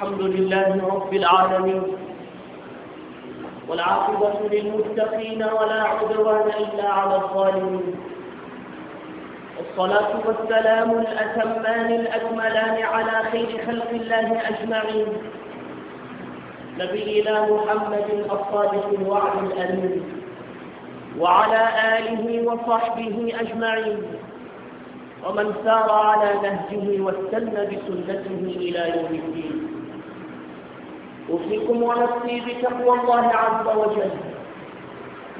الحمد لله رب العالمين والعاقبة للمتقين ولا عدوان إلا على الظالمين والصلاة والسلام الأتمان الأكملان على خير خلق الله أجمعين نبينا محمد الصادق الوعد الأمين وعلى آله وصحبه أجمعين ومن سار على نهجه واستنى بسنته إلى يوم الدين أوصيكم ونفسي بتقوى الله عز وجل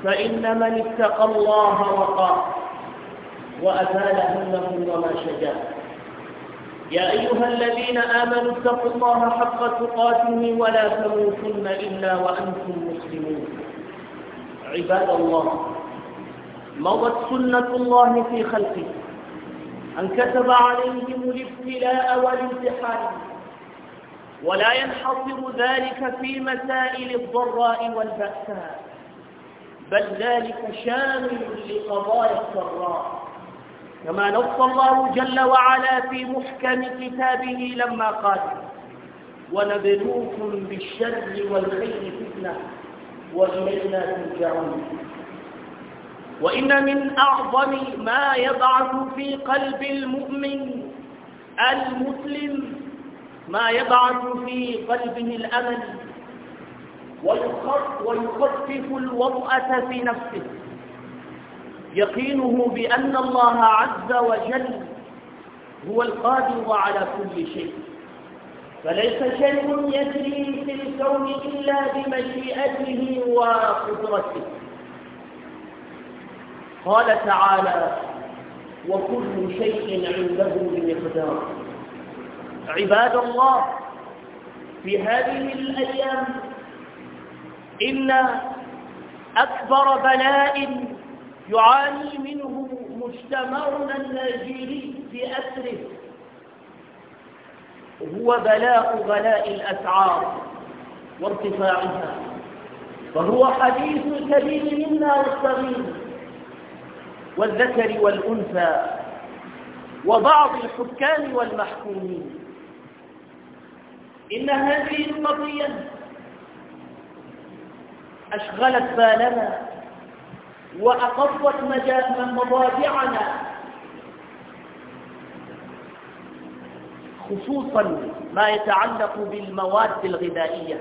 فإن من اتقى الله وقاه وأزال همه وما شجاه يا أيها الذين آمنوا اتقوا الله حق تقاته ولا تموتن إلا وأنتم مسلمون عباد الله مضت سنة الله في خلقه أن كتب عليهم الابتلاء والامتحان ولا ينحصر ذلك في مسائل الضراء والبأساء بل ذلك شامل لقضايا الضراء كما نص الله جل وعلا في محكم كتابه لما قال ونبلوكم بالشر والخير فتنة وإلينا ترجعون وإن من أعظم ما يبعث في قلب المؤمن المسلم ما يبعث في قلبه الأمل ويخفف الوطأة في نفسه يقينه بأن الله عز وجل هو القادر على كل شيء فليس شيء يجري في الكون إلا بمشيئته وقدرته قال تعالى وكل شيء عنده بمقدار عباد الله في هذه الأيام إن أكبر بلاء يعاني منه مجتمعنا الناجيري في أسره هو بلاء غلاء الأسعار وارتفاعها فهو حديث الكبير منا والصغير والذكر والأنثى وبعض الحكام والمحكومين إن هذه القضية أشغلت بالنا وأقضت مضاجعنا خصوصا ما يتعلق بالمواد الغذائية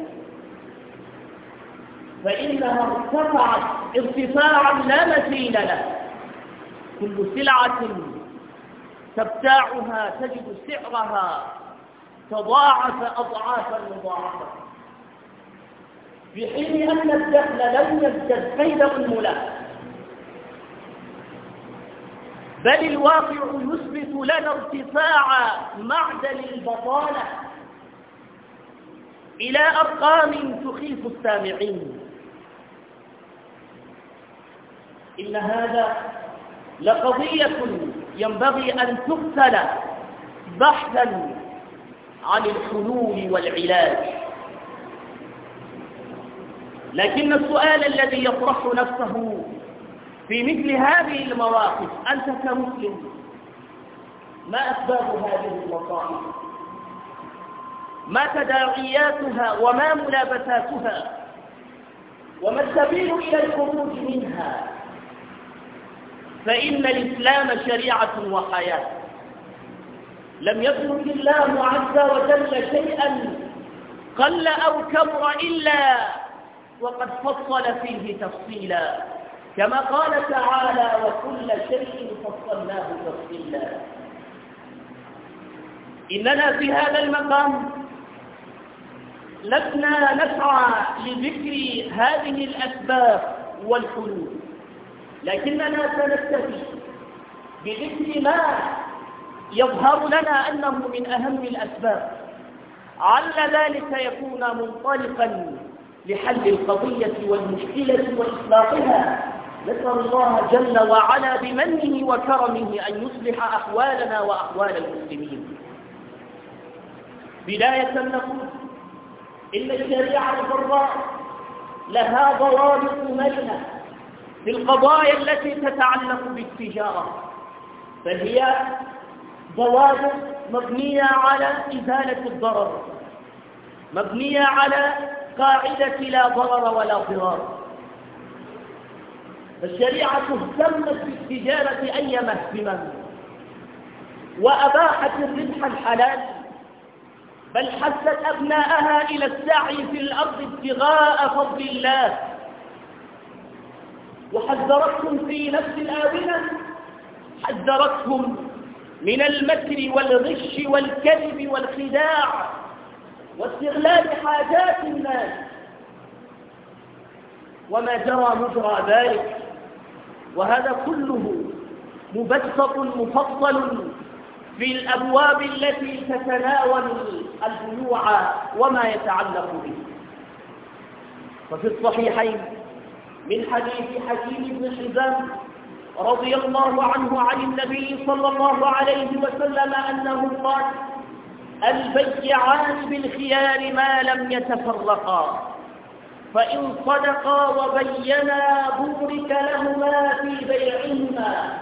فإنها ارتفعت ارتفاعا لا مثيل له كل سلعة تبتاعها تجد سعرها تضاعف أضعافا مضاعفة في حين أن الدخل لم يزدد فيدا ملا بل الواقع يثبت لنا ارتفاع معدل البطالة إلى أرقام تخيف السامعين إن هذا لقضية ينبغي أن تقتل بحثا عن الحلول والعلاج لكن السؤال الذي يطرح نفسه في مثل هذه المواقف أنت كمسلم ما أسباب هذه المصائب ما تداعياتها وما ملابساتها وما السبيل إلى الخروج منها فإن الإسلام شريعة وحياة لم يترك الله عز وجل شيئا قل أو كبر إلا وقد فصل فيه تفصيلا كما قال تعالى وكل شيء فصلناه تفصيلا إننا في هذا المقام لسنا نسعى لذكر هذه الأسباب والحلول لكننا سنكتفي بذكر ما يظهر لنا أنه من أهم الأسباب على ذلك يكون منطلقا لحل القضية والمشكلة وإصلاحها نسأل الله جل وعلا بمنه وكرمه أن يصلح أحوالنا وأحوال المسلمين بداية نقول إن الشريعة الضراء لها ضوابط مجنة في القضايا التي تتعلق بالتجارة فهي ضوابط مبنية على إزالة الضرر مبنية على قاعدة لا ضرر ولا ضرار الشريعة اهتمت بالتجارة أي اهتمام وأباحت الربح الحلال بل حثت أبناءها إلى السعي في الأرض ابتغاء فضل الله وحذرتهم في نفس الآونة حذرتهم من المكر والغش والكذب والخداع واستغلال حاجات الناس وما جرى مجرى ذلك وهذا كله مبسط مفصل في الأبواب التي تتناول البيوع وما يتعلق به وفي الصحيحين من حديث حكيم بن حزام رضي الله عنه عن النبي صلى الله عليه وسلم أنه قال البيعان بالخيار ما لم يتفرقا فإن صدقا وبينا بورك لهما في بيعهما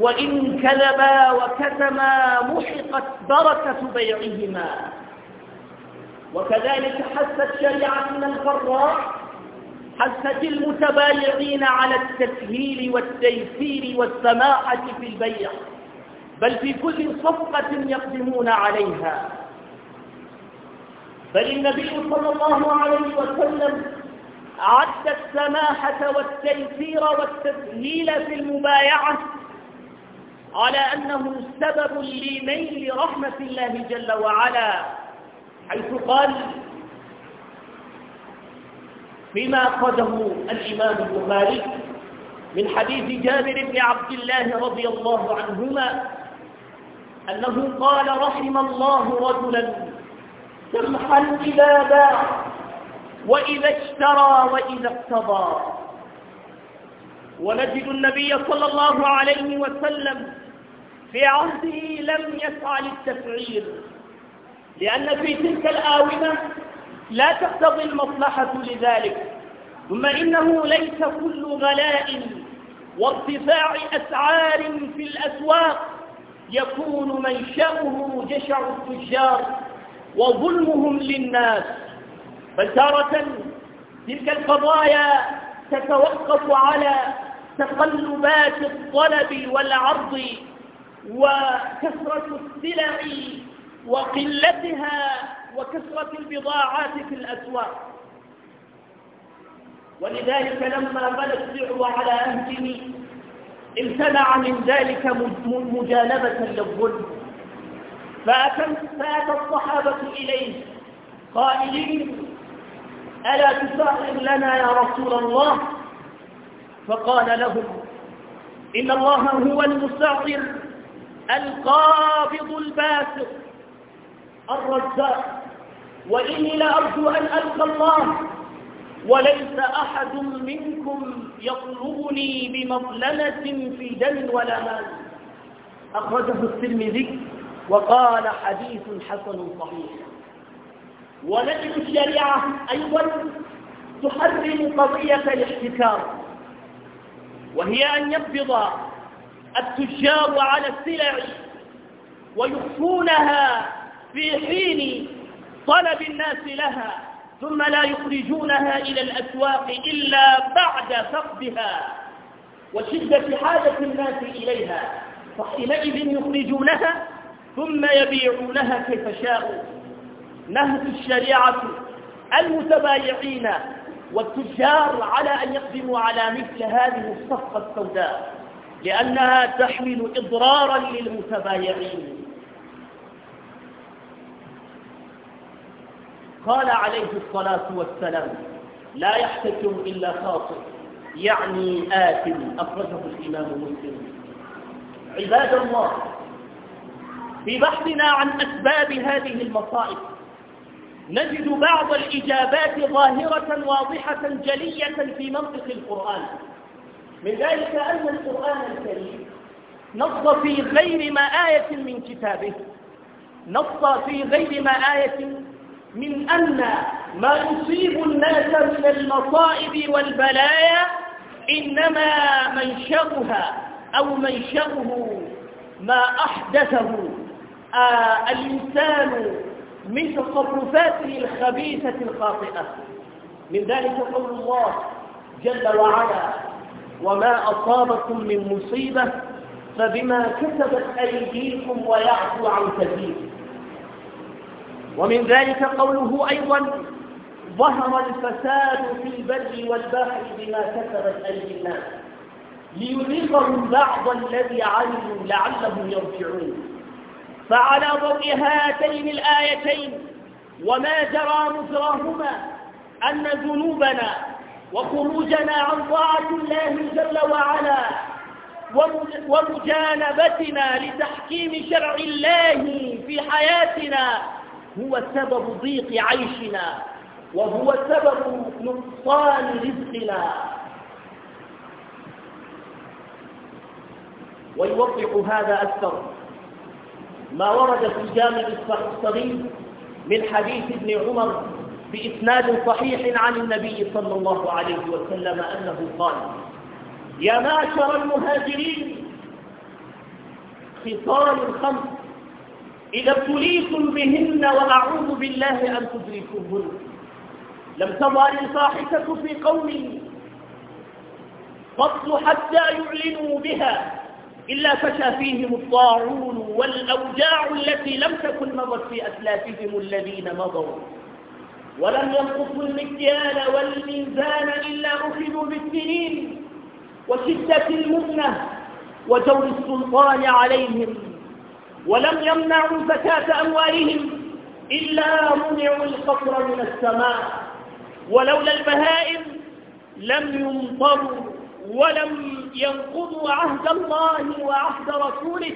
وإن كذبا وكتما محقت بركة بيعهما وكذلك حثت من الفراح حثت المتبايعين على التسهيل والتيسير والسماحة في البيع بل في كل صفقة يقدمون عليها بل النبي صلى الله عليه وسلم عد السماحة والتيسير والتسهيل في المبايعة على أنه سبب لنيل رحمة الله جل وعلا حيث قال بما قده الإمام البخاري من حديث جابر بن عبد الله رضي الله عنهما أنه قال رحم الله رجلا سمحا إذا باع وإذا اشترى وإذا اقتضى ونجد النبي صلى الله عليه وسلم في عهده لم يسعى للتفعيل لأن في تلك الآونة لا تقتضي المصلحة لذلك ثم إنه ليس كل غلاء وارتفاع أسعار في الأسواق يكون منشأه جشع التجار وظلمهم للناس بل تارة تلك القضايا تتوقف على تقلبات الطلب والعرض وكثرة السلع وقلتها وكثرة البضاعات في الأسواق ولذلك لما بل السعر على أهله امتنع من ذلك مجانبة للظلم فأتى الصحابة إليه قائلين ألا تسعر لنا يا رسول الله فقال لهم إن الله هو المسعر القابض الباسط الرزاق وإني لأرجو أن ألقى الله وليس أحد منكم يطلبني بمظلمة في دم ولا مال أخرجه الترمذي وقال حديث حسن صحيح ونجد الشريعة أيضا تحرم قضية الاحتكار وهي أن يقبض التجار على السلع ويخفونها في حين طلب الناس لها ثم لا يخرجونها إلى الأسواق إلا بعد فقدها وشدة حاجة الناس إليها فحينئذ يخرجونها ثم يبيعونها كيف شاءوا نهت الشريعة المتبايعين والتجار على أن يقدموا على مثل هذه الصفقة السوداء لأنها تحمل إضرارا للمتبايعين قال عليه الصلاة والسلام لا يحتكم إلا خاطئ يعني آثم أخرجه الإمام مسلم عباد الله في بحثنا عن أسباب هذه المصائب نجد بعض الإجابات ظاهرة واضحة جلية في منطق القرآن من ذلك أن القرآن الكريم نص في غير ما آية من كتابه نص في غير ما آية من أن ما يصيب الناس من المصائب والبلايا إنما منشأها أو منشأه ما أحدثه آه الإنسان من تصرفاته الخبيثة الخاطئة من ذلك قول الله جل وعلا وما أصابكم من مصيبة فبما كسبت أيديكم ويعفو عن كثير ومن ذلك قوله أيضا ظهر الفساد في البر والبحر بما كسبت أيدي الناس ليذيقهم بعض الذي علموا لعلهم يرجعون فعلى ضوء هاتين الآيتين وما جرى مجراهما أن ذنوبنا وخروجنا عن طاعة الله جل وعلا ومجانبتنا لتحكيم شرع الله في حياتنا هو سبب ضيق عيشنا وهو سبب نقصان رزقنا ويوضح هذا أكثر ما ورد في جامع الصغير من حديث ابن عمر بإسناد صحيح عن النبي صلى الله عليه وسلم أنه قال يا معشر المهاجرين خصال الخمس إذا ابتليتم بهن وأعوذ بالله أن تدركوهن لم تظهر الفاحشة في قوم فصل حتى يعلنوا بها إلا فشى فيهم الطاعون والأوجاع التي لم تكن مضت في أسلافهم الذين مضوا ولم ينقصوا المكيال والميزان إلا أخذوا بالسنين وشدة المؤنة وجور السلطان عليهم ولم يمنعوا زكاة أموالهم إلا منعوا القطر من السماء ولولا البهائم لم يمطروا ولم ينقضوا عهد الله وعهد رسوله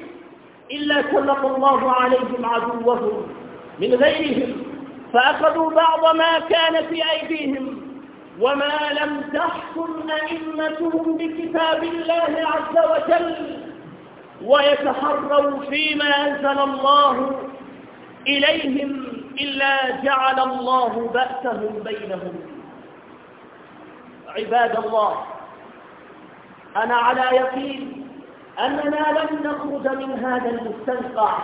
إلا سلط الله عليهم عدوهم من غيرهم فأخذوا بعض ما كان في أيديهم وما لم تحكم أئمتهم بكتاب الله عز وجل ويتحروا فيما أنزل الله إليهم إلا جعل الله بأسهم بينهم عباد الله أنا على يقين أننا لن نخرج من هذا المستنقع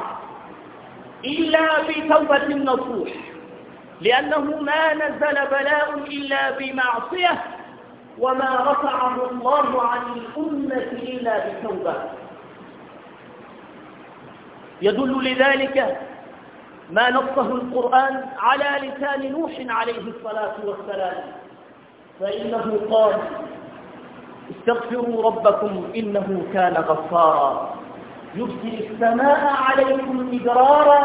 إلا بتوبة نصوح لأنه ما نزل بلاء إلا بمعصية وما رفعه الله عن الأمة إلا بتوبة يدل لذلك ما نصه القرآن على لسان نوح عليه الصلاة والسلام فإنه قال استغفروا ربكم إنه كان غفارا يبدل السماء عليكم مدرارا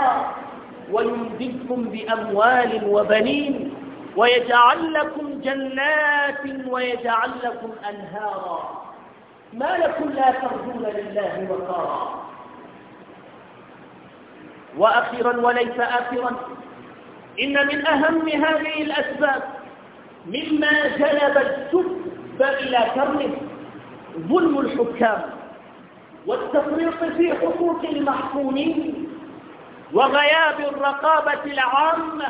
ويمددكم بأموال وبنين ويجعل لكم جنات ويجعل لكم أنهارا ما لكم لا ترجون لله وقارا وأخيرا وليس آخرا إن من أهم هذه الأسباب مما جلب السب إلى كرمه ظلم الحكام والتفريط في حقوق المحكومين وغياب الرقابة العامة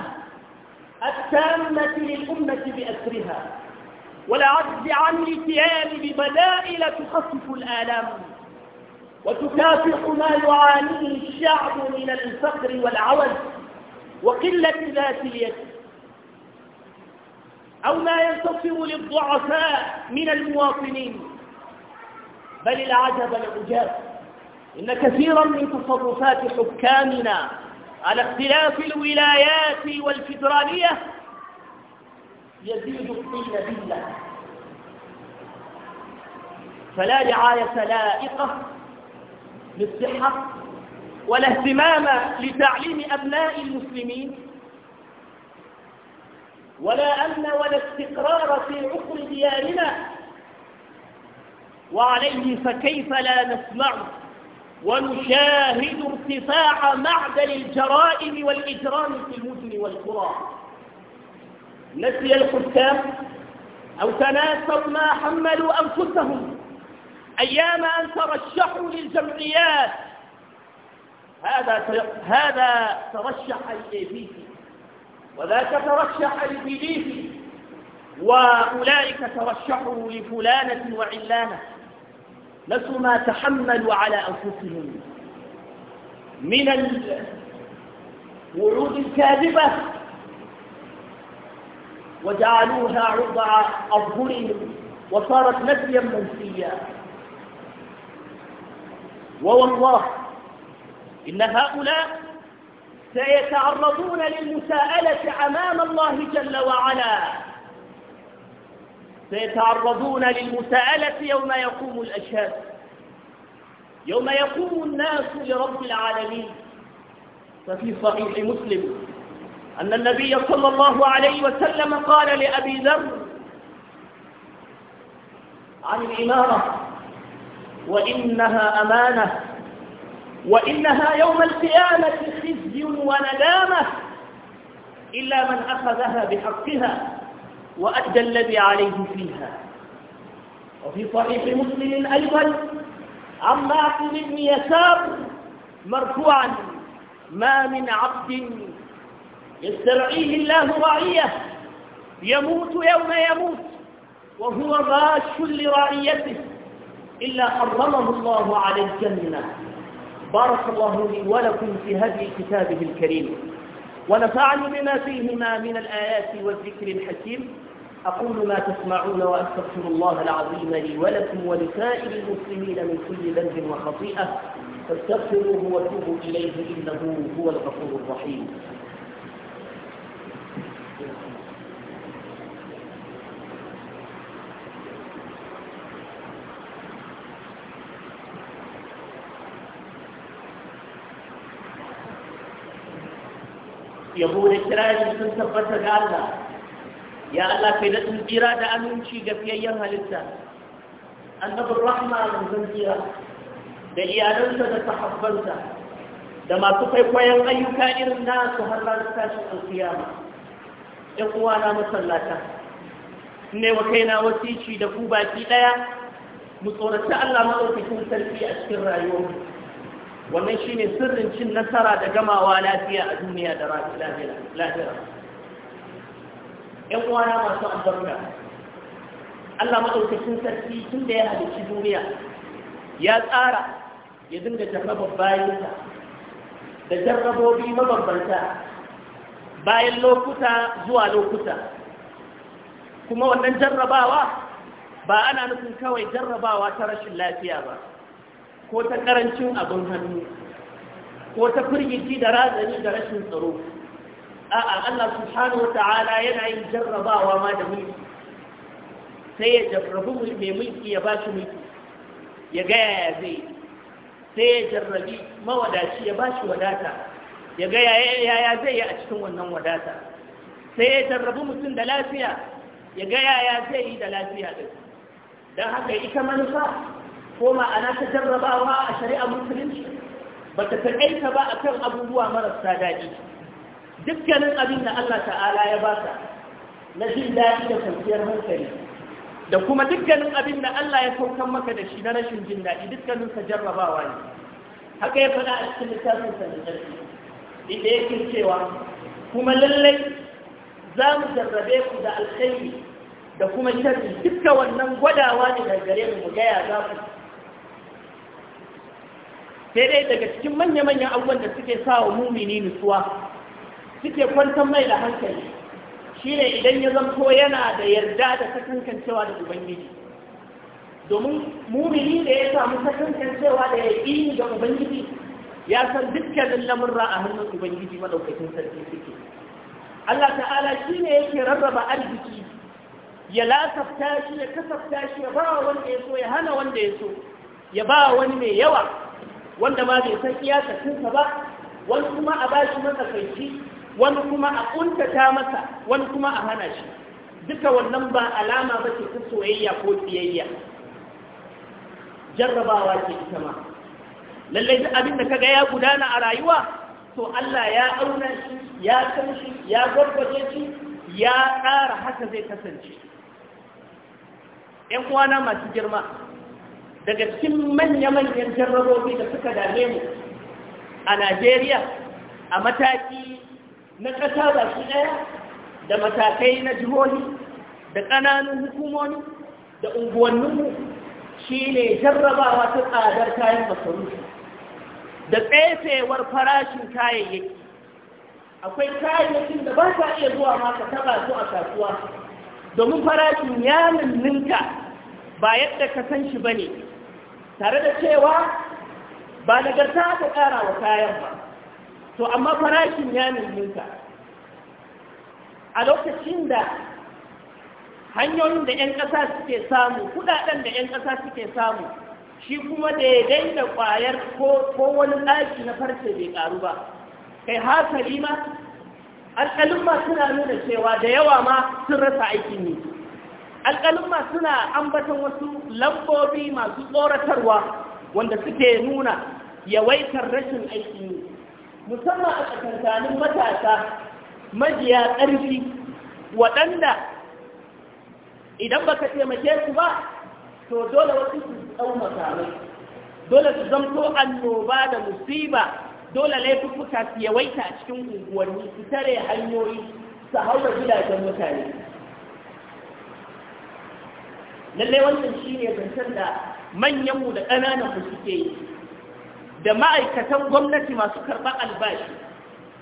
التامة للأمة بأسرها والعجز عن الاتيان ببدائل تخفف الآلام وتكافح ما يعانيه الشعب من الفقر والعوز وقلة ذات اليد أو ما ينتصر للضعفاء من المواطنين بل العجب العجاب إن كثيرا من تصرفات حكامنا على اختلاف الولايات والفدرالية يزيد الطين بالله فلا رعاية لائقة للصحة ولا اهتمام لتعليم أبناء المسلمين ولا أمن ولا استقرار في عقر ديارنا وعليه فكيف لا نسمع ونشاهد ارتفاع معدل الجرائم والإجرام في المدن والقرى نسي الحكام أو تناسوا ما حملوا أنفسهم أيام أن ترشحوا للجمعيات هذا هذا ترشح للبيتي وذاك ترشح للبيتي وأولئك ترشحوا لفلانة وعلانة نسوا ما تحملوا على أنفسهم من الوعود الكاذبة وجعلوها عرض أظهرهم وصارت نسيا منسيا ووالله إن هؤلاء سيتعرضون للمساءلة أمام الله جل وعلا سيتعرضون للمساءلة يوم يقوم الأشهاد يوم يقوم الناس لرب العالمين ففي صحيح مسلم أن النبي صلى الله عليه وسلم قال لأبي ذر عن الإمارة وإنها أمانة وإنها يوم القيامة خزي وندامة إلا من أخذها بحقها وأدى الذي عليه فيها وفي صحيح مسلم أيضا عن معقل بن يسار مرفوعا ما من عبد يسترعيه الله رعيه يموت يوم يموت وهو غاش لرعيته إلا حرمه الله على الجنة بارك الله لي ولكم في هدي كتابه الكريم ونفعني بما فيهما من الآيات والذكر الحكيم أقول ما تسمعون وأستغفر الله العظيم لي ولكم ولسائر المسلمين من كل ذنب وخطيئة فاستغفروه وتوبوا إليه إنه هو الغفور الرحيم yabo da kirari sun tabbata ga Allah ya Allah kai da tsira da aminci ga fiyayyen halitta annabin rahma da zanzira da iyalansa da sahabbansa da masu kwaikwayon ayyuka irin nasu har ranar tashi alkiyama ɗan uwa na masallata ne wa kaina wasici da ku baki ɗaya mu tsorata Allah maɗaukakin sarki a cikin rayuwarmu wannan shine sirrin cin nasara da gamawa lafiya a duniya da lafiya ‘yan uwana masu albarka Allah maɗaukacin sarki tun da ya halicci duniya ya tsara ya dinga jarraba bayansa da jarrabobi mabambanta bayan lokuta zuwa lokuta kuma wannan jarrabawa ba ana nufin kawai jarrabawa ta rashin lafiya ba ko ta karancin abin hannu ko ta firgici da razani da rashin tsaro a'a Allah subhanahu wata'ala yana yin jarrabawa ma da mulki sai ya jarrabu mai mulki ya bashi mulki ya gaya ya zai sai ya jarrabi mawadaci ya ba shi wadata ya gaya ya zai yi a cikin wannan wadata sai ya jarrabu mutum da lafiya ya gaya ya zai yi da lafiya din don haka ita manufa ko ma'ana ta jarrabawa a shari'ar musulunci ba ta taƙaita ba a kan abubuwa marasa daɗi dukkanin abin da Allah ta'ala ya ba ka na jin daɗi da kwanciyar hankali da kuma dukkanin abin da Allah ya saukan maka da shi na rashin jin daɗi dukkanin sa jarrabawa ne haka ya faɗa a cikin littafin sa da ƙarfi inda yake cewa kuma lallai za mu jarrabe ku da alkhairi da kuma sharri dukkan wannan gwadawa ne daga gare mu mu gaya za ku sai dai daga cikin manya-manyan abubuwan da suke sa wa mumini nutsuwa suke kwantar mai da hankali shine idan ya zanto yana da yarda da sakankancewa da ubangiji domin mumini da ya samu sakankancewa da yi ga ubangiji ya san dukkanin lamurra a hannun ubangiji madaukakin sarki suke Allah ta'ala shi ne yake rarraba arziki ya lasafta shi ya kasafta shi ya ba wanda ya so ya hana wanda ya so ya ba wani mai yawa wanda ma bai san iyakacinsa ba wani kuma a bashi matsakaici wani kuma a kuntata masa wani kuma a hana shi duka wannan ba alama ba ce ta soyayya ko tsiyayya jarrabawa ce ita ma lallai duk abin da kaga ya gudana a rayuwa to Allah ya auna shi ya san shi ya gwagwaje shi ya ƙara haka zai kasance ‘yan uwana masu girma daga cikin manya-manyan jarrabobi da suka dame mu a Najeriya a mataki na ƙasa ba su ɗaya da matakai na jihohi da ƙananan hukumomi da unguwanninmu shi ne jarrabawa ta tsadar kayan masarufi da tsefewar farashin kayayyaki akwai kayayyakin da ba sa iya zuwa ma ka su a kasuwa domin farashin ya ninninka ba yadda ka san shi ba ne tare da cewa ba nagarta aka ƙara wa kayan ba to amma farashin ya nilminta a lokacin da hanyoyin da 'yan ƙasa suke samu kudaden da 'yan ƙasa suke samu shi kuma daidai da ƙwayar ko wani ɗaki na farce bai ƙaru ba kai hasali ma alƙalin ma suna nuna cewa da yawa ma sun rasa aikin yi alƙalumma suna ambaton wasu lambobi masu tsoratarwa wanda suke nuna yawaitar rashin aiki yi musamman a tsakankanin matasa majiya ƙarfi waɗanda idan ba ka taimake su ba to dole wasu su tsau makamai dole su zamto annoba da musiba dole laifuka su yawaita a cikin unguwanni su tare hanyoyi su haura gidajen mutane lallai wannan shi ne zancen da manyanmu da ƙanananmu suke yi da ma'aikatan gwamnati masu karɓar albashi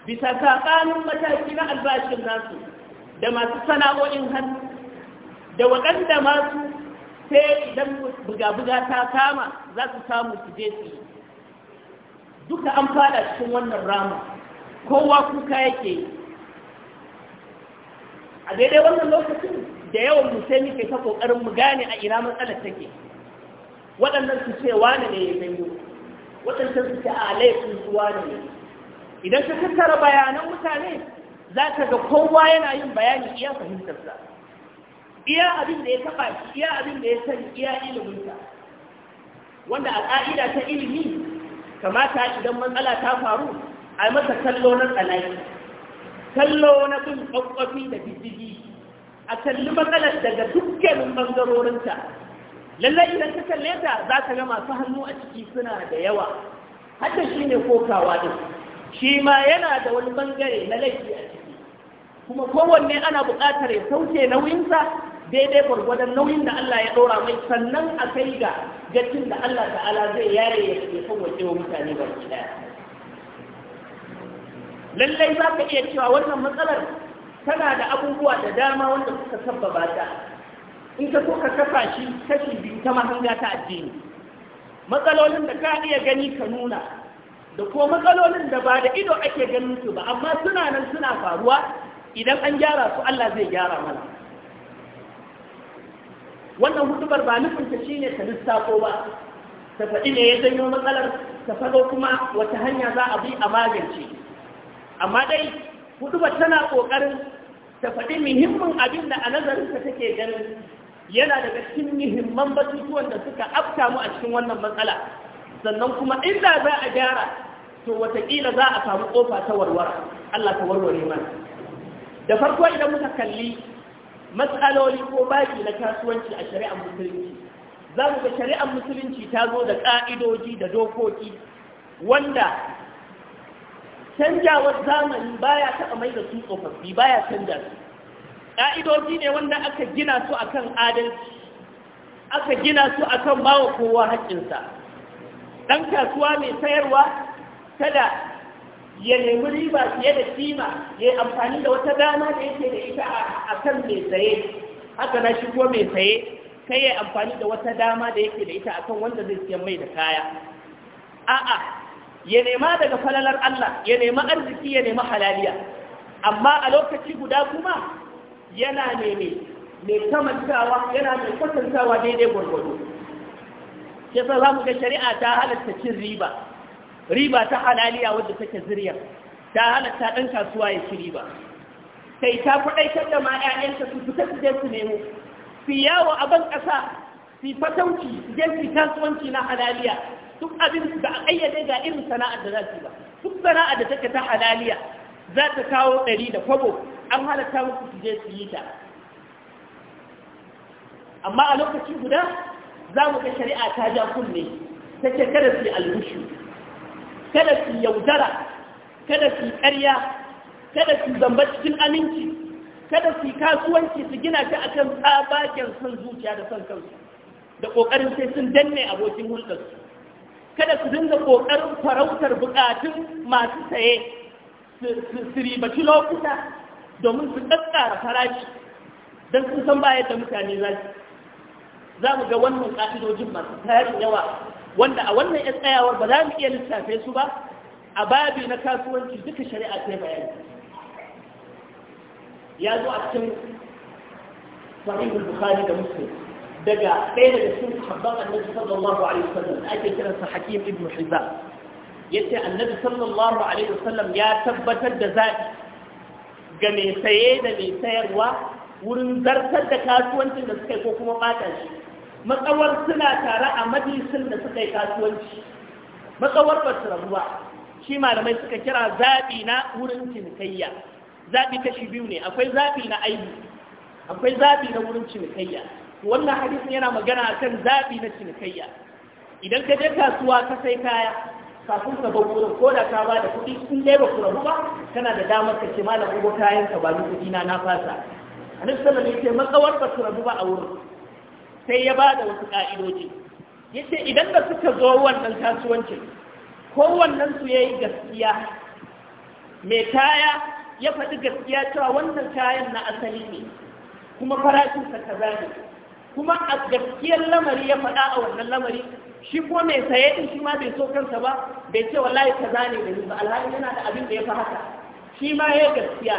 bisa saɓanin mataki na albashin nasu da masu sana'o'in hannu da waɗanda masu sai idan buga-buga ta kama za su samu su je su duka an fada cikin wannan rama. kowa kuka yake a daidai wannan lokacin da yawan mu sai muke ta kokarin mu gane a ina matsalar take waɗannan su ce wani ne ya zanyo waɗancan su ce a laifin zuwa ne idan ka tattara bayanan mutane za ka ga kowa yana yin bayani iya fahimtar za. iya abin da ya taɓa shi iya abin da ya sani iya iliminsa wanda a ƙa'ida ta ilimi kamata idan matsala ta faru a masa kallo na tsanani kallo na bin ƙwaƙwafi da diddigi a kalli matsalar daga dukkanin bangarorinta, lallai idan ka kalle ta za ka ga masu hannu a ciki suna da yawa hadda shi ne kokawa din shi ma yana da wani bangare na laifi a ciki kuma kowanne ana buƙatar ya sauke nauyinsa daidai gwargwadon nauyin da Allah ya ɗora mai sannan a kai ga gacin da Allah ta'ala zai yare ya ke waje wa mutane baki ɗaya lallai za ka iya cewa wannan matsalar tana da abubuwa da dama wanda suka sabbaba ta in ka so ka kafa shi kashi biyu ta mahanga ta addini matsalolin da ka iya gani ka nuna da kuma matsalolin da ba da ido ake ganin su ba amma suna nan suna faruwa idan an gyara su Allah zai gyara mana wannan hutubar ba nufinta shine ta lissafo ba ta faɗi ne ya janyo matsalar ta faɗo kuma wata hanya za a bi a magance amma dai hutubar tana ƙoƙarin ta faɗi muhimmin abin da a nazarinsa take ganin yana daga cikin muhimman batutuwan da suka afta mu a cikin wannan matsala sannan kuma inda za a gyara to wataƙila za a samu kofa ta warware Allah ta warware mana da farko idan muka kalli matsaloli ko baki na kasuwanci a shari'ar musulunci za mu ga shari'ar musulunci ta zo da ƙa'idoji da dokoki wanda canjawar zamani baya taɓa mai da su tsofaffi baya canja su ƙa'idoji ne wanda aka gina su akan adalci aka gina su akan bawa kowa haƙƙinsa ɗan kasuwa mai sayarwa kada ya nemi riba fiye da kima ya amfani da wata dama da yake da ita a kan mai saye haka na shigo mai saye kai ya amfani da wata dama da yake da ita akan wanda zai siyan mai da kaya a'a ya nema daga falalar Allah ya nema arziki ya nema halaliya amma a lokaci guda kuma yana neme mai kamantawa yana mai kwatantawa daidai gwargwado sai za mu ga shari'a ta halatta cin riba riba ta halaliya wadda take zirya ta halatta ɗan kasuwa ya ci riba kai ta kuɗaitar da ma 'ya'yanta su fita su je su nemo su yawo a ban ƙasa su fatauci su je su kasuwanci na halaliya duk abin da a ƙayyade ga irin sana'ar da za su ba duk sana'ar da take ta halaliya za ta kawo ɗari da kwabo an halatta musu su je su yi ta amma a lokaci guda za mu ga shari'a ta ja kunne ta ce kada su yi kada su yaudara kada su ƙarya kada su zamba cikin aminci kada su kasuwanci su gina ta akan tsabagen son zuciya da son kansu da ƙoƙarin sai sun danne abokin hulɗarsu kada su dinga ƙoƙarin farautar buƙatun masu saye su ribaci lokuta domin su ƙasƙara farashi don sun san baya da mutane za su za mu ga wannan ƙa'idojin masu tarin yawa wanda a wannan ‘yan tsayawar ba za mu iya lissafe su ba a babi na kasuwanci duka shari'a sai bayani ya zo a cikin sahihul bukhari da muslim دجا بين الرسول صلى الله عليه وسلم أجل كنس حكيم ابن حزاء يتى النبي صلى الله عليه وسلم يا تبت الجزاء جمي سيد من سير و ورنزر تدكات وانت نسكيكوك مقاتش مقور سنة ترى مجلس نسكيكات وانت مقور بسر الله شما لما يسكترى زابينا ورنت نكيا زابي تشبيوني أفل زابينا أيضا أفل زابينا ورنت نكيا wannan hadisin yana magana akan zabi na cinikayya idan ka je kasuwa ka sai kaya kafin ka bar wurin ko da ka ba da kuɗi in dai ba kura ba kana da damar ka ce malam ugo kayan ka ba ni kuɗi na na fasa annabi sallallahu alaihi wasallam matsawar ba kura ba a wurin sai ya ba da wasu ka'idoji yace idan da suka zo wannan kasuwancin ko wannan su yayi gaskiya mai kaya ya faɗi gaskiya cewa wannan kayan na asali ne kuma farashinsa kaza ne kuma a gaskiyar lamari ya faɗa a wannan lamari shi ko mai saye din shi ma bai so kansa ba bai ce wallahi kaza ne da ni ba alhali yana da abin da ya fi haka shi ma ya gaskiya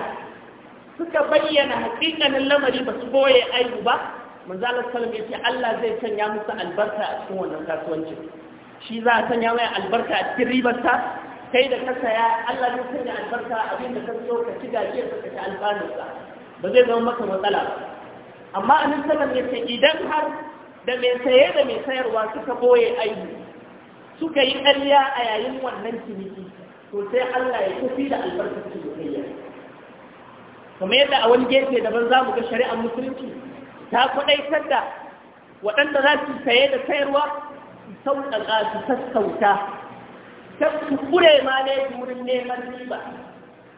suka bayyana hakikanin lamari ba su goye aibu ba manzo Allah sallallahu alaihi Allah zai sanya musu albarka a cikin wannan kasuwancin shi za a sanya mai albarka a cikin ribarsa kai da ka saya Allah zai sanya albarka abin da ka so ka ci gajiyar ka ci alfanarsa ba zai zama maka matsala ba amma annabi sallallahu ya ce idan har da mai saye da mai sayarwa suka boye aiki suka yi ƙarya a yayin wannan ciniki to sai Allah ya tafi da albarkacin da kai kuma yadda a wani gefe daban za mu ga shari'ar musulunci ta kudaitar da waɗanda za su saye da sayarwa su sauƙaƙa su sassauta ta su kure ma laifi wurin neman riba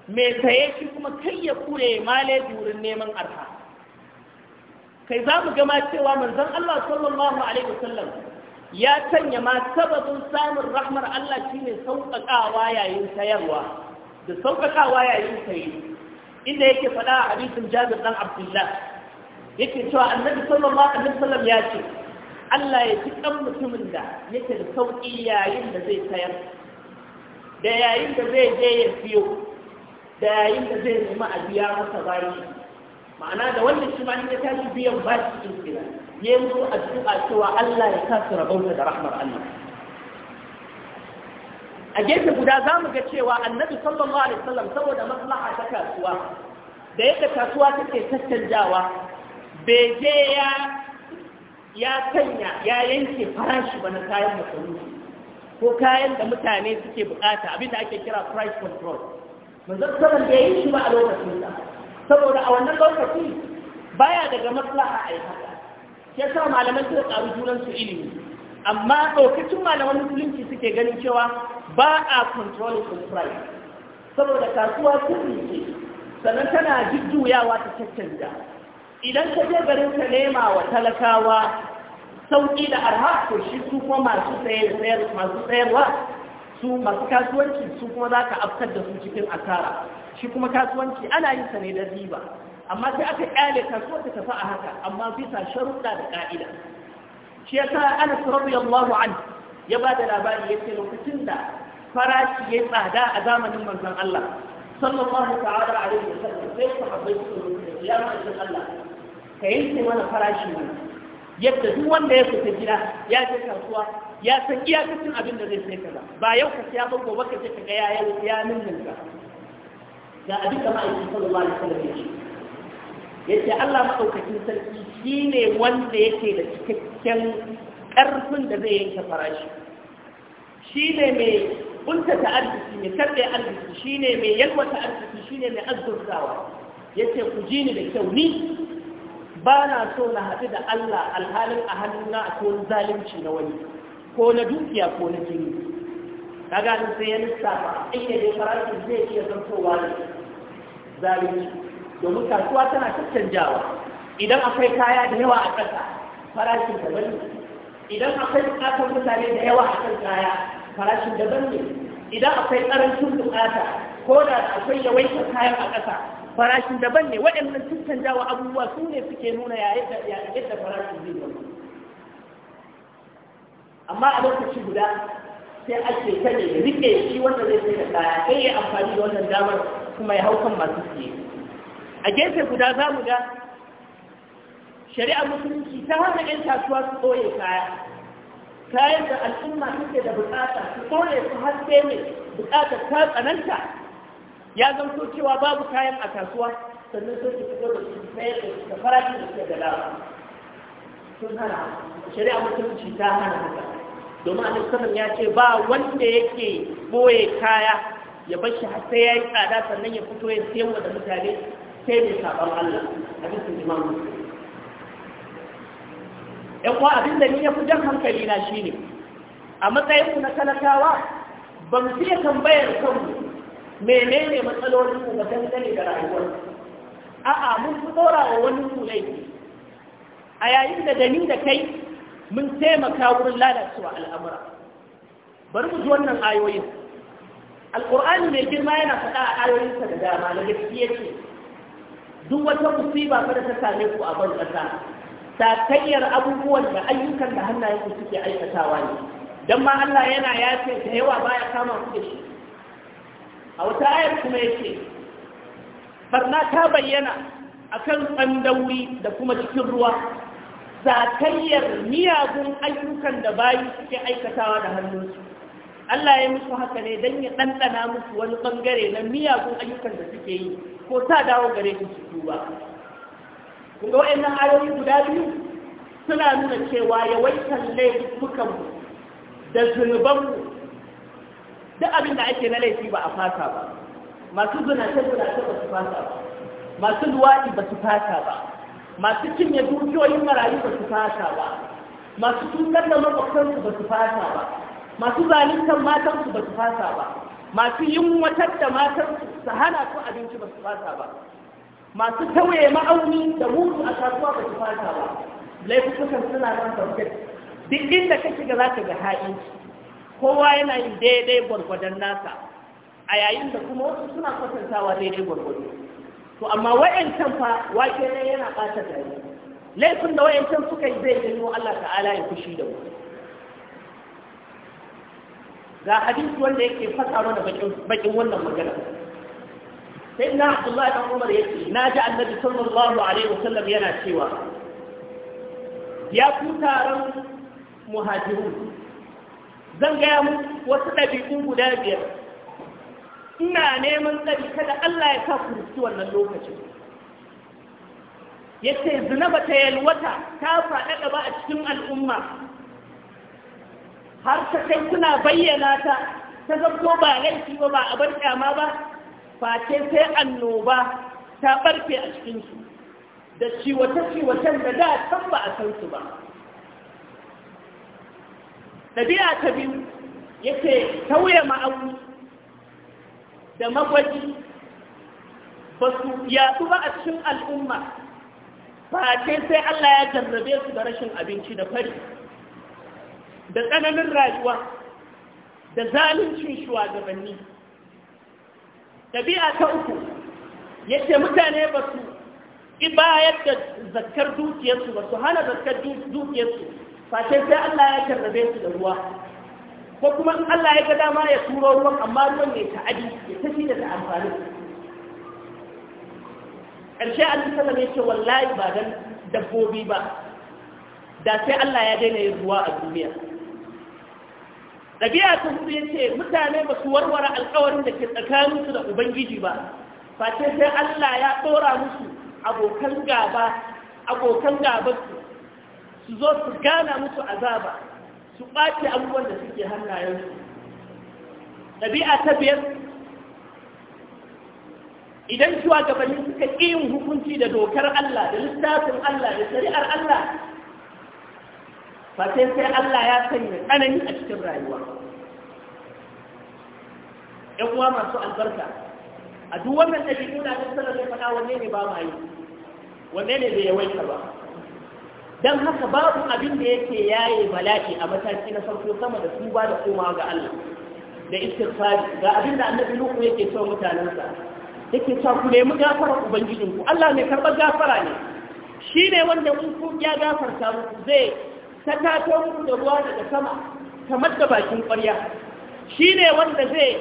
mai saye shi kuma kai ya kure ma laifi wurin neman arha kai za mu gama cewa manzon Allah sallallahu alaihi wasallam ya sanya ma sababin samun rahmar Allah shine sauƙaƙawa yayin sayarwa da sauƙaƙawa yayin saye inda yake faɗa a hadisin Jabir dan Abdullah yake cewa Annabi sallallahu alaihi wasallam ya ce Allah ya ci ɗan mutumin da yake da sauƙi yayin da zai sayar da yayin da zai je ya siyo da yayin da zai nemi a biya masa bayi ma'ana da wannan shi ma in ya tashi biyan ba shi cikin kira ya yi musu addu'a cewa Allah ya kasu rabauta da rahmar Allah a gefe guda za mu ga cewa annabi sallallahu alaihi wasallam saboda maslaha ta kasuwa da yadda kasuwa take tattanjawa bai je ya ya sanya ya yanke farashi ba na kayan masarufi ko kayan da mutane suke bukata abinda ake kira price control manzon sallallahu alaihi wasallam bai yi shi ba a lokacin sa saboda a wannan lokaci baya daga maslaha a yi haka ya sa malaman suka ƙaru junansu ilimi amma ɗaukacin malaman musulunci suke ganin cewa ba a control the price saboda kasuwa sirri ce sannan tana jujjuyawa ta caccanja idan ka je garin ka nema wa talakawa sauƙi da arha ko shi su kuma masu sayarwa su masu kasuwanci su kuma za ka afkar da su cikin asara shi kuma kasuwanci ana yin sa ne da riba amma sai aka kyale kasuwar ta tafi a haka amma bisa sharuɗa da ƙa'ida. shi yasa Anas radiyallahu anhu ya ba da labari ce lokacin da farashi ya tsada a zamanin manzon Allah sallallahu ta'ala alaihi wasallam sai sahabbai su ya manzon Allah ka yanke mana farashi ne yadda duk wanda ya fita gida ya je kasuwa ya san iyakacin abin da zai sai kaza ba yau ka siya ba gobe ka ce ka ga ya yi ya ninninka ga abin da ma'aikin sallallahu alaihi wasallam ya ce yace Allah maɗaukakin sarki shi ne wanda yake da cikakken ƙarfin da zai yanke farashi shi ne mai ƙuntata arziki mai karɓe arziki shi ne mai yalwata arziki shi ne mai azurzawa yace ku ji ni da kyau ni ba na so na haɗu da Allah alhalin a na a tuwon zalunci na wani ko na dukiya ko na jini kaga ne sai ya lissafa inda ne farashi zai iya zantowa da zalunci domin kasuwa tana caccanjawa idan akwai kaya da yawa a ƙasa farashin daban ne idan akwai buƙatar mutane da yawa a kan kaya farashin daban ne idan akwai ƙarancin bukata ko da akwai yawaitar kayan a ƙasa farashin daban ne waɗannan cuttanjawa abubuwa su ne suke nuna yadda farashin zai zama amma a lokaci guda sai ake sani da rike shi wanda zai sai da kaya sai ya amfani da wannan damar kuma ya haukan masu siye a gefe guda za mu ga shari'a musulunci ta hana 'yan kasuwa su ɓoye kaya kayan da al'umma suke da bukata su ɓoye su har sai mai bukatar ta tsananta ya zanto cewa babu kayan a kasuwa sannan sai su fito da su sai da farashi da suke da lawa sun hana shari'a musulunci ta hana haka domin annabi sallallahu ya ce ba wanda yake boye kaya ya bar shi har sai yi tsada sannan ya fito ya sayo da mutane sai mai sabon Allah hadisin Imam Muslim ya kuwa abin da ni ya fi jan hankali na shine a matsayin ku na talakawa ba mu fiye tambayar kanmu menene matsalolin ku wajen dane da rayuwar a'a mun fi tsorawa wa wani kulai. a yayin da dani da kai mun taimaka wurin lalacewa al'amura bari mu ji wannan ayoyin alƙur'ani mai girma yana faɗa a ayoyinsa da dama da gaskiya ce duk wata musiba kada ta same ku a ban ƙasa sakayyar abubuwan da ayyukan da hannayen ku suke aikatawa ne dan ma Allah yana yafe da yawa baya kama ku da shi a wata ayar kuma ce. barna ta bayyana akan tsandauri da kuma cikin ruwa zakayyar miyagun ayyukan da bayi suke aikatawa da hannunsu Allah ya musu haka ne don ya ɗanɗana musu wani ɓangare na miyagun ayyukan da suke yi ko ta dawo gare su su duba kun ga wa'annan ayoyi guda biyu suna nuna cewa yawaitan laifukanmu da zunubanmu duk abin da ake na laifi ba a fata ba masu zunace-zunace ba su fata ba masu luwaɗi ba su fata ba masu cinye dukiyoyin marayu ba su fata ba masu cutar da makwabtansu ba su fata ba masu zaluntar matansu ba su fata ba masu yin watar da matansu su hana su abinci ba su fata ba masu tauye ma'auni da mutu a kasuwa ba su fata ba laifukan suna nan sauke duk inda ka shiga za ka ga ha'inci kowa yana yin daidai gwargwadon nasa a yayin da kuma wasu suna kwatantawa daidai gwargwadon to amma wa'yancan fa wake ne yana bata gari laifin da wa'yancan suka yi zai janyo Allah ta'ala ya fushi da ga hadisi wanda yake fasa mana bakin wannan magana sai na Abdullahi dan Umar yake na ji Annabi sallallahu alaihi wasallam yana cewa ya ku taron muhajirun zan gaya mu wasu ɗabi'u guda biyar ina neman tsari kada Allah ya sa ku wannan lokacin yace zina ba ta yalwata ta faɗaɗa ba a cikin al'umma har ta kai kuna bayyana ta ta zabto ba laifi ba ba bar kyama ba ce sai annoba ta barfe a cikinsu da ciwata-ciwatan da da san ba a san su ba ɗabi'a ta biyu ya yake tauye ma'auni da magwaji ba su yaɗu ba a cikin al'umma ba ce sai Allah ya jarrabe su da rashin abinci da fari da tsananin rayuwa da zaluncin shugabanni ɗabi'a ta uku yadda mutane ba su ibayar da zakkar dukiyarsu ba su hana zakkar dukiyarsu face sai Allah ya jarrabe su da ruwa ko kuma in Allah ya ga dama ya turo ruwan amma ruwan mai ta'adi ya tafi da amfani ƙarshe an sallam ya ce wallahi ba dan dabbobi ba da sai Allah ya daina yin ruwa a duniya ɗabi'a ta hudu ya ce mutane ba su warware alkawarin da ke tsakaninsu da ubangiji ba face sai Allah ya ɗora musu abokan gaba abokan gabansu su zo su gana musu azaba su ɓace abubuwan da suke hannayensu ɗabi'a ta biyar idan shugabanni suka ƙi yin hukunci da dokar Allah da lissafin Allah da shari'ar Allah ba sai sai Allah ya sanya tsanani a cikin rayuwa ‘yan uwa masu albarka a duk wannan ɗabi'u na tattara zai faɗa wanne ne ba ma yi wanne ne bai yawaita ba don haka babu abin da yake yaye bala'i a mataki na farko sama da tuba da koma ga Allah da istighfari ga abin da annabi Nuhu yake so mutanensa yake cewa ku nemi gafarar ubangijinku Allah mai karɓar gafara ne shi ne wanda mun kun ya gafarta muku zai sakato muku da ruwa daga sama kamar da bakin ƙwarya shi ne wanda zai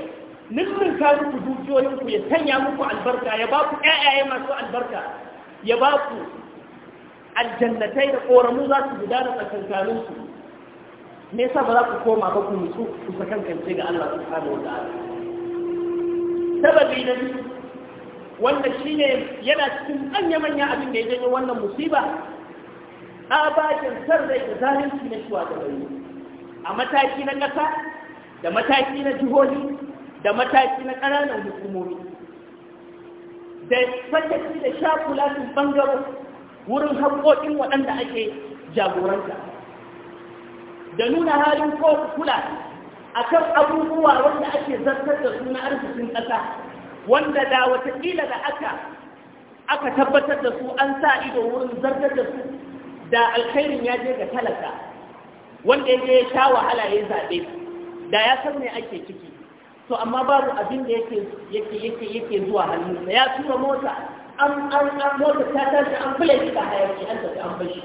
nufin ninninka muku ku ya sanya muku albarka ya ba ku ƴaƴaye masu albarka ya ba ku aljannatai da koramu za su gudana tsakankanin su me yasa ba za ku koma ba ku nutsu ku sakankance ga Allah subhanahu wa ta'ala sababi na wanda shine yana cikin manya manya abin da ya janyo wannan musiba abakin sarrai da zalunci na shugabanni a mataki na ƙasa da mataki na jihohi da mataki na ƙananan hukumomi da sakaci da shakulatin bangaro wurin haƙoƙin waɗanda ake jagoranta da nuna halin ko kula a kan abubuwa wanda ake zartar da suna arzikin ƙasa wanda da watakila da aka aka tabbatar da su an sa ido wurin zartar da su da alkhairin ya je ga talaka wanda ya ya sha wahala ya zaɓe da ya san me ake ciki to amma babu abin da yake yake yake yake zuwa hannunsa ya tura mota an an an ta tashi an shi ba hayaki an tafi an bashi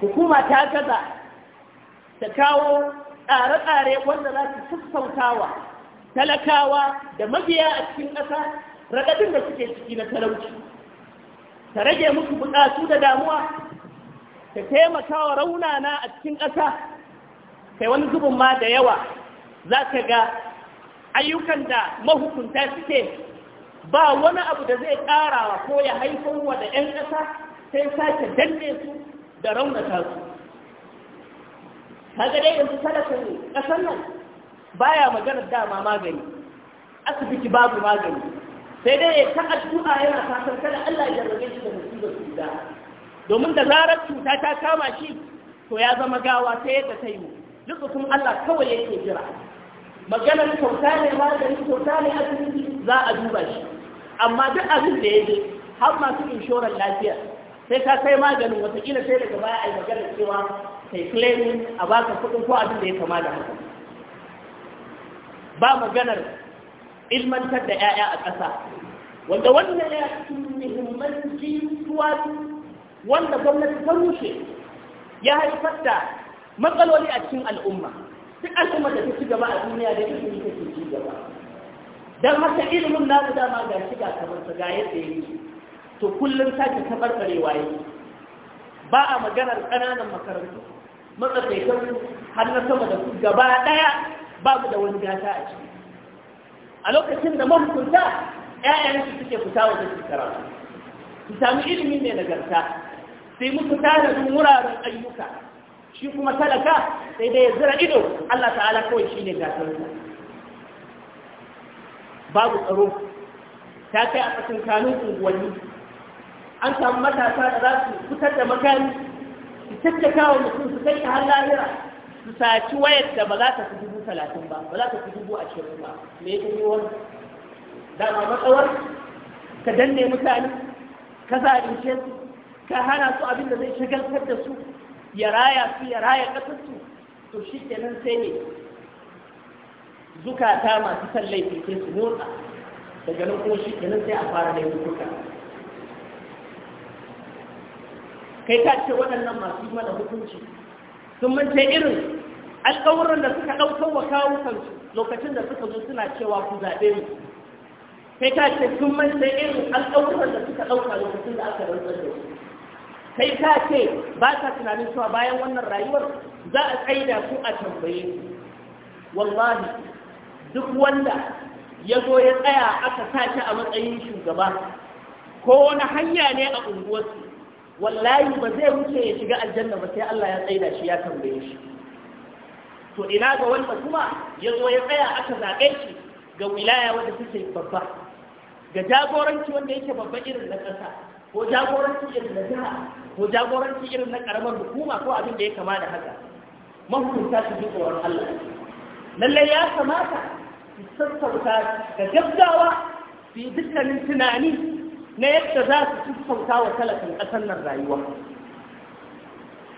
hukuma ta gaza ta kawo tsare-tsare wanda za su sassautawa talakawa da mabiya a cikin ƙasa raɗaɗin da suke ciki na talauci ta rage musu buƙatu da damuwa ta taimaka wa raunana a cikin ƙasa kai wani zubin ma da yawa za ka ga ayyukan da mahukunta suke ba wani abu da zai ƙarawa ko ya haifar wa da 'yan ƙasa sai sake danne su da raunata su haka dai yanzu talatin ƙasar nan baya magana dama magani asibiti babu magani sai dai ya ta addu'a yana fasar kada Allah ya rage shi da musibar cuta domin da zarar cuta ta kama shi to ya zama gawa sai ya ta taimu duk Allah kawai yake jira maganar kyauta ne magani kyauta ne asibiti za a duba shi amma duk abin da ya je har masu inshorar lafiya sai ka kai maganin watakila sai daga baya a yi maganar cewa kai claiming a baka kuɗin ko abin da ya kama da haka ba maganar ilmantar da 'ya'ya a ƙasa wanda wannan ya fi muhimmanci jinsuwa wanda gwamnati ta rushe ya haifar da matsaloli a cikin al'umma duk al'ummar da ta ci gaba a duniya da ilimi ta ci gaba don haka ilimin na da dama ga shi ga kamar sa ga yadda yake to kullum sake tabarbarewa waye? ba a maganar ƙananan makarantu matsakaitan har na sama da su gaba ɗaya babu da wani gata a ciki a lokacin da mahukunta ‘ya'yansu suke fita waje su karatu su sami ilimi mai nagarta sai musu tare wuraren ayyuka shi kuma talaka sai dai ya zira ido Allah ta'ala kawai shi ne gasarsa babu tsaro ta kai a ƙasin kanun unguwanni an samu matasa da za su fitar da makami su tattaka wa mutum su kai har lahira su saci wayar da ba za ta fi dubu talatin ba ba za ta fi dubu ashirin ba me ya yi wani dama matsawar ka danne mutane ka zalunce su ka hana su abin da zai shagaltar da su ya raya su ya raya ƙasarsu to shi kenan sai ne zukata masu son laifi sai su motsa daga nan kuma shi kenan sai a fara zuka kai ka ce waɗannan masu yi mana hukunci sun mance irin alƙawuran da suka ɗaukar wa kawukansu lokacin da suka zo suna cewa ku zaɓe mu kai ka ce sun mance irin alƙawuran da suka ɗauka lokacin da aka rantsar da su kai ka ce ba ka tunanin cewa bayan wannan rayuwar za a tsaida su a tambaye su wallahi duk wanda ya zo ya tsaya aka sace a matsayin shugaba ko wani hanya ne a unguwarsu wallahi ba zai wuce ya shiga aljanna ba sai Allah ya tsaida shi ya tambaye shi to ina ga wanda kuma ya zo ya tsaya aka zaɓe shi ga wilaya wanda suke babba ga jagoranci wanda yake babba irin na ƙasa ko jagoranci irin na jiha ko jagoranci irin na karamar hukuma ko abin da ya kama da haka mahukunta su ji tsoron Allah lalle ya kamata su sassauta da gaggawa su yi dukkanin tunani na yadda za su sassauta wa talakan ƙasar nan rayuwa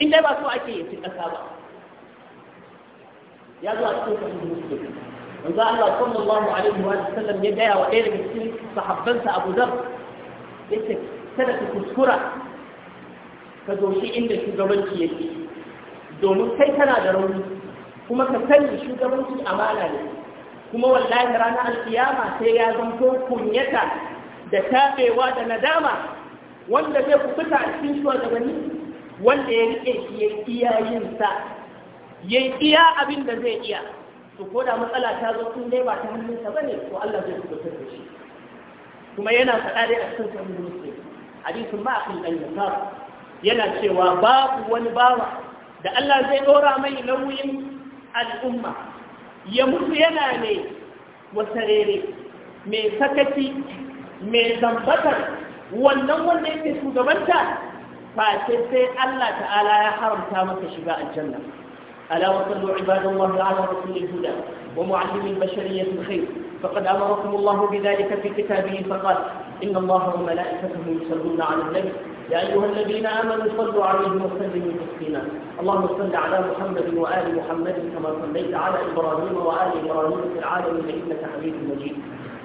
in dai ba so ake yi ƙasa ba ya zo a cikin kashin musulmi manzo Allah sallallahu alaihi wa sallam ya gaya wa ɗaya daga cikin sahabbansa Abu Dhar yace kada ku kuskura ka shi inda shugabanci yake domin kai kana da rauni kuma ka sani shugabanci amana ne kuma wallahi ranar alkiyama sai ya zanto kunyata da tabewa da nadama wanda zai kubuta a cikin shugabanni wanda ya rike shi ya iya yin sa ya iya abin da zai iya to ko da matsala ta zo kun dai ba ta hannunsa ne? to Allah zai kubutar da shi kuma yana faɗa dai a cikin sahih muslim hadisin yana cewa babu wani bawa da Allah zai dora mai nauyin al'umma ya mutu yana ne wasarere mai sakaci mai zambatar wannan wanda yake shugabanta ba ce sai Allah ta'ala ya haramta maka shiga aljanna ألا وصلوا عباد الله على رسول الهدى ومعلم البشرية الخير فقد أمركم الله بذلك في كتابه فقال إن الله وملائكته يصلون على النبي يا أيها الذين آمنوا صلوا عليه وسلموا تسليما اللهم صل على محمد وآل محمد كما صليت على إبراهيم وآل إبراهيم في العالمين إنك حميد مجيد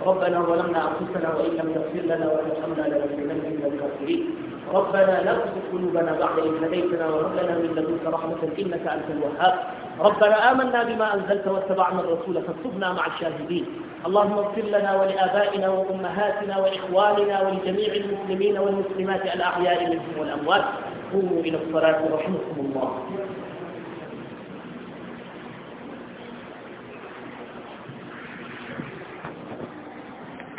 ربنا ظلمنا أنفسنا وإن لم تغفر لنا وارحمنا لنكونن من الكافرين ربنا لا تزغ قلوبنا بعد إذ هديتنا وهب لنا من لدنك رحمة إنك أنت الوهاب ربنا آمنا بما أنزلت واتبعنا الرسول فاكتبنا مع الشاهدين اللهم اغفر لنا ولآبائنا وأمهاتنا وإخواننا ولجميع المسلمين والمسلمات الأحياء منهم والأموات قوموا إلى الصلاة رحمكم الله